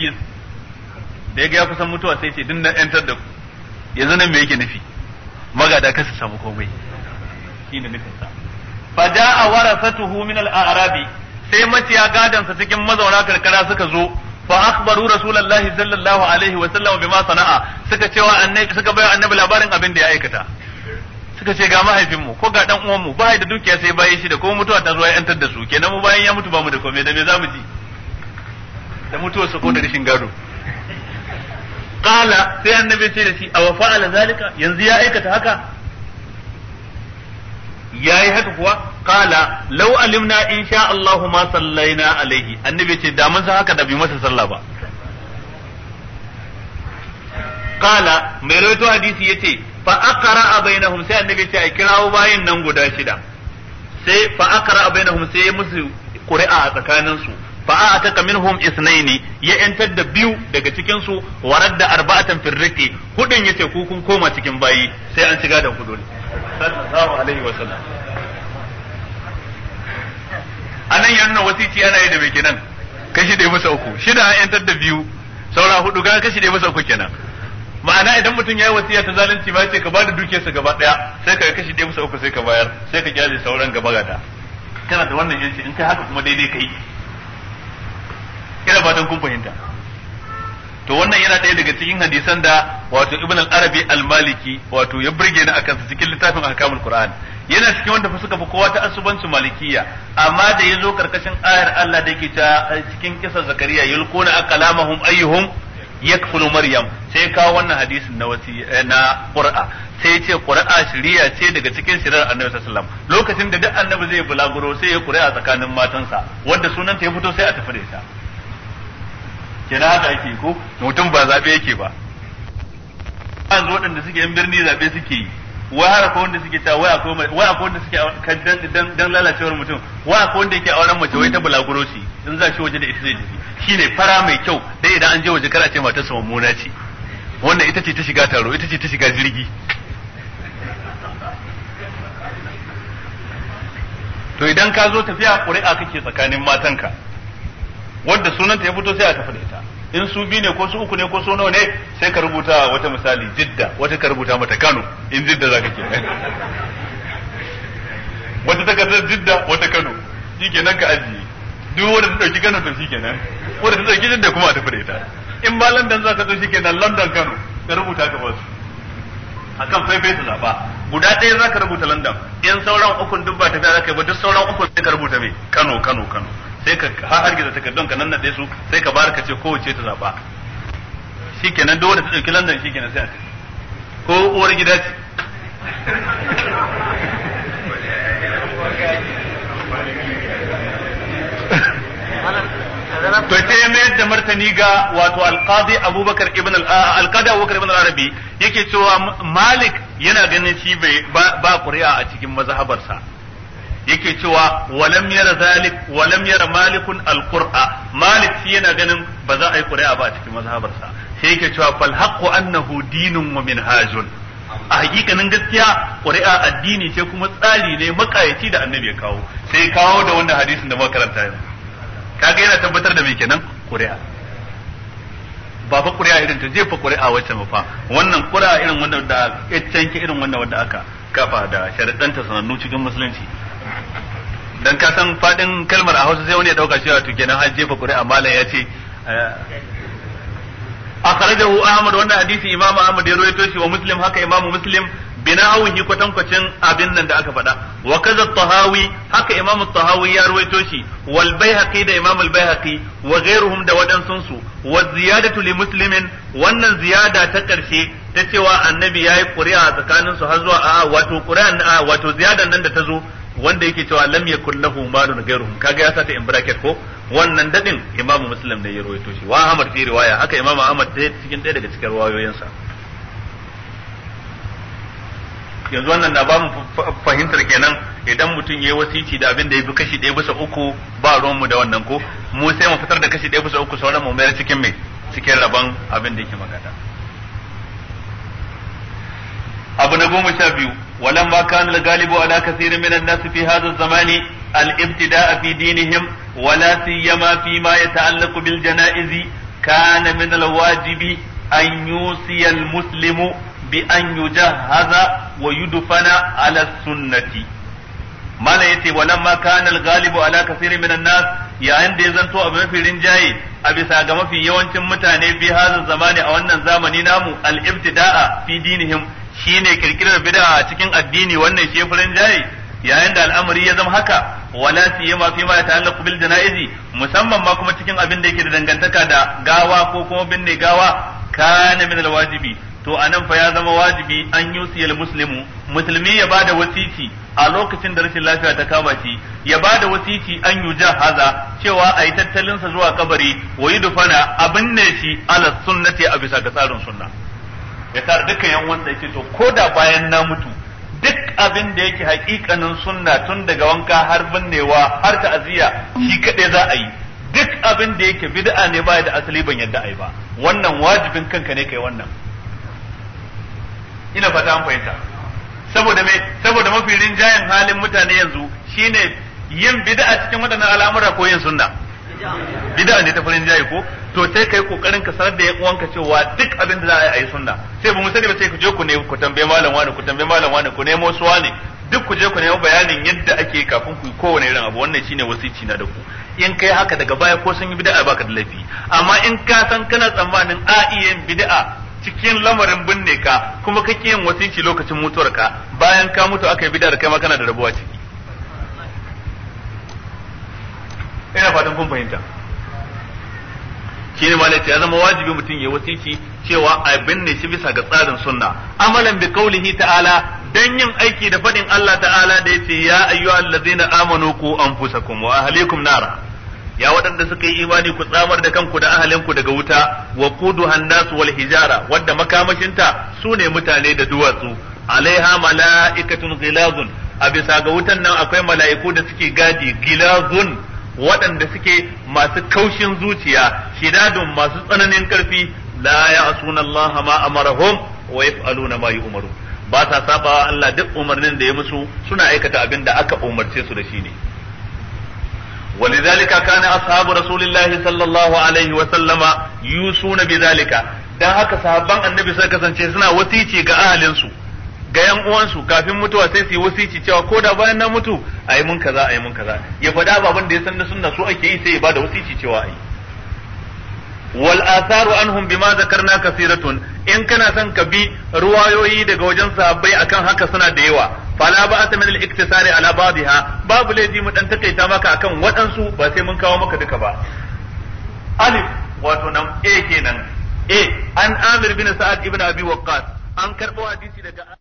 bilgis da ya ga ya kusan mutuwa sai ce dinna yantar da ku yanzu nan me yake nufi magada ka su samu komai ne nufin sa fa jaa warasatuhu min al-a'rabi sai maciya gadansa cikin mazauna karkara suka zo fa akhbaru rasulullahi sallallahu alaihi wa sallam bima sana'a suka cewa annabi suka bayar annabi labarin abin da ya aikata suka ce ga mahaifin mu ko ga dan uwan mu bai da dukiya sai bayan shi da ko mutuwa ta zo ya yantar da su kenan mu bayan ya mutu ba mu da komai da me zamu ji da mutuwarsa ko da rishin gado qala sai annabi ce da shi aw fa'ala zalika yanzu ya aikata haka yayi haka kuwa qala law alimna in sha Allahu ma sallaina alaihi annabi ce da mun san haka da bi masa sallah ba qala mai rawaito hadisi yace fa aqra bainahum sai annabi ce a kirawo bayin nan guda shida sai fa aqra bainahum sai ya musu qur'a a tsakaninsu fa ataka minhum isnaini ya yantar da biyu daga cikin su warar da arba'atan firriqi hudun yace ku kun koma cikin bayi sai an shiga da hudu sallallahu alaihi wa sallam anan ya nuna wasici ana yi da mai kenan kashi da masa uku shida an yantar da biyu saura hudu ga kashi da masa uku kenan ma'ana idan mutum ya yi wasiya ta zalunci ba ce ka bada da dukiyarsa gaba daya sai ka kashi ɗaya masa uku sai ka bayar sai ka kyale sauran gaba gada kana da wannan yanci in kai haka kuma daidai kai fatan kun fahimta to wannan yana ɗaya daga cikin hadisan da wato ibn al-arabi al-maliki wato ya burge ni akan cikin littafin ahkamul qur'an yana cikin wanda suka fi kowa ta asubanci malikiya amma da yazo karkashin ayar Allah da yake ta cikin kisa zakariya yulquna aqlamahum ayyuhum yakfulu maryam sai kawo wannan hadisin na wasi eh, na qur'a sai ce qur'a shiriya ce daga cikin shirar annabi sallallahu alaihi wasallam lokacin da duk annabi zai bulaguro sai ya qur'a tsakanin matansa wanda sunanta ya fito sai a tafi da ita kenan haka ake ko mutum ba zabe yake ba zo waɗanda suke yan birni zabe suke yi wai har akwai wanda suke ta wai akwai wai akwai wanda suke dan dan dan lalacewar mutum wai akwai wanda yake auren mace wai ta bulaguro shi in za shi waje da ita zai ji shine fara mai kyau dai idan an je waje kar a ce matar sa mummuna ce wannan ita ce ta shiga taro ita ce ta shiga jirgi to idan ka zo tafiya ƙuri'a kake tsakanin matanka wanda sunanta ya fito sai a tafi da ita in su biyu ne ko su uku ne ko su nawa ne sai ka rubuta wata misali jidda wata ka rubuta mata kano in jidda za ka ke wata ta kasar jidda wata kano shi ke nan ka ajiye duk wanda ta ɗauki kano to shi ke nan wanda ta ɗauki jidda kuma a tafi da ita in ba london za ka zo shi ke nan london kano ka rubuta ka basu kan faifai ta zaɓa guda ɗaya za ka rubuta london in sauran ukun duk ba tafiya za ka yi ba duk sauran ukun sai ka rubuta mai kano kano kano sai ka hargiza takardun ka nannade su sai ka bar ka ce kowace ta zaba shikenan duk wanda ta dauki London shikenan sai a ce ko uwar gida ce to sai mai da martani ga wato alqadi abubakar ibn alqadi abubakar ibn arabi yake cewa malik yana ganin shi bai ba ƙuri'a a cikin mazhabarsa yake cewa walam yara zalik walam yara malikun alqur'a malik shi yana ganin ba za a yi qur'a ba a cikin mazhabarsa sai yake cewa fal haqqu annahu dinun wa minhajun a hakikanin gaskiya qur'a addini ce kuma tsari ne makayaci da annabi ya kawo sai kawo da wannan hadisin da muka karanta yanzu kaga yana tabbatar da me kenan qur'a ba fa ƙuri'a irin ta jefa ƙuri'a wacce mafa. wannan ƙuri'a irin wanda da canke irin wanda wanda aka kafa da sharadanta sanannu cikin musulunci dan ka san fadin kalmar a Hausa sai wani ya dauka cewa to kenan har jefa ƙuri'a malam ya ce eh, A hu Ahmad wannan hadisi Imam Ahmad ya rawaito shi wa Muslim haka Imam Muslim bina'awihi kwatankwacin abin nan da aka faɗa wa kaza tahawi haka imamu tahawi ya rawaito shi wal baihaqi da imam al baihaqi wa ghairuhum da wadansun su wa ziyadatu li muslimin wannan ziyada ta karshe ta cewa annabi yayi ƙuri'a tsakanin su har zuwa a wato ƙuri'an wato ziyadan nan da ta zo wanda yake cewa lam yakul lahu malun ghayruhum kaga ya sata in bracket ko wannan dadin imamu muslim ne ya rawaito shi wa ahmad fi riwaya haka imamu ahmad ɗaya cikin ɗaya daga cikin riwayoyinsa yanzu wannan na bamu fahimtar kenan idan mutum yayi wasici da abin da ya bi kashi ɗaya bisa uku ba ruwan mu da wannan ko mu sai mu fitar da kashi ɗaya bisa uku sauran mu mayar cikin mai cikin rabon abin da yake magana abu na goma sha biyu walamma kana al-galibu ala kaseerin min an fi hadha zamani al-ibtida'a fi dinihim wala siyama fi ma yata'allaqu bil janaizi kana min al-wajibi an yusiya al-muslimu bi an yujahhaza wa yudfana ala sunnati mala yace walamma kana galibu ala kaseerin min an-nas yayin da ya zanto abu mafi rinjaye a bisa ga mafi yawancin mutane bi hazin zamani a wannan zamani namu al-ibtida'a fi dinihim Shi ne kirkirar bid'a a cikin addini wannan shi furin jayi yayin da al'amari ya zama haka wala su siyama mafi ma yata'allaqu bil janaizi musamman ma kuma cikin abin da yake da dangantaka da gawa ko kuma binne gawa kana min wajibi to anan fa ya zama wajibi an yusiyal muslimu musulmi ya bada wasici a lokacin da rashin lafiya ta kama shi ya bada wasici an haza, cewa a yi tattalin zuwa kabari wa dufana abin ne shi ala sunnati a bisa ga tsarin sunna ya tara dukkan yan wanda yake to ko da bayan na mutu duk abin da yake hakikanin sunna tun daga wanka har binnewa har ta'aziyya shi kadai za a yi duk abin da yake bid'a ne baya da asali ban yadda ai ba wannan wajibin kanka ne kai wannan ina fata an fahimta saboda me saboda mafi rinjayen halin mutane yanzu shine yin bid'a cikin waɗannan al'amura ko yin sunna bid'a ne ta farin jayi ko to sai kai kokarin ka sanar da yan uwanka cewa duk abin da za a yi ayi sunna sai ba mu sani ba sai ku je ku ne ku tambaye malam wani ku tambaye malam wani ku nemo su wani duk ku je ku nemo bayanin yadda ake kafin ku kowane irin abu wannan shine wasici na da ku in kai haka daga baya ko sun yi bid'a baka da laifi amma in ka san kana tsammanin a iya bid'a cikin lamarin binne ka kuma kake yin wasici lokacin ka bayan ka mutu aka yi bid'a kai ma kana da rabuwa ce ina fatan kun fahimta shine ma ya zama wajibi mutum ya wasiki cewa a binne shi bisa ga tsarin sunna amalan bi qaulihi ta'ala dan yin aiki da fadin Allah ta'ala da yace ya ayyuhallazina amanu ku anfusakum wa ahlikum nara ya waɗanda suka yi imani ku tsamar da kanku da ahalinku daga wuta wa quduhan nasu wal hijara wadda makamashinta sune mutane da duwatsu alaiha mala'ikatun ghilazun a bisa ga wutan nan akwai mala'iku da suke gadi gilazun waɗanda suke masu kaushin zuciya shidadun masu tsananin ƙarfi. la asuna Allah ma amarahum wa yaf'aluna ma yu'maru ba sa saba Allah duk umarnin da ya musu suna aikata abin da aka umarce su da shi ne ولذلك كان أصحاب رسول الله صلى الله عليه وسلم يوصون بذلك dan haka sahabban annabi suka kasance suna wasici ga ahalinsu ƴan uwansu kafin mutuwa sai su yi wasiki cewa ko da bayan na mutu a yi mun kaza a yi mun kaza ya faɗa ababen da ya san na sunna su ake yi sai ya bada wasiki cewa a yi wal atharu anhum bima zakarna kasiratun in kana son ka bi ruwayoyi daga wajen sahabbai akan haka suna da yawa fala ba asa min al-iktisari ala ba'dha babu laifi mu dan takaita maka akan waɗansu ba sai mun kawo maka duka ba alif wato nan a kenan a an amir bin sa'ad ibn abi waqqas an karbo hadisi daga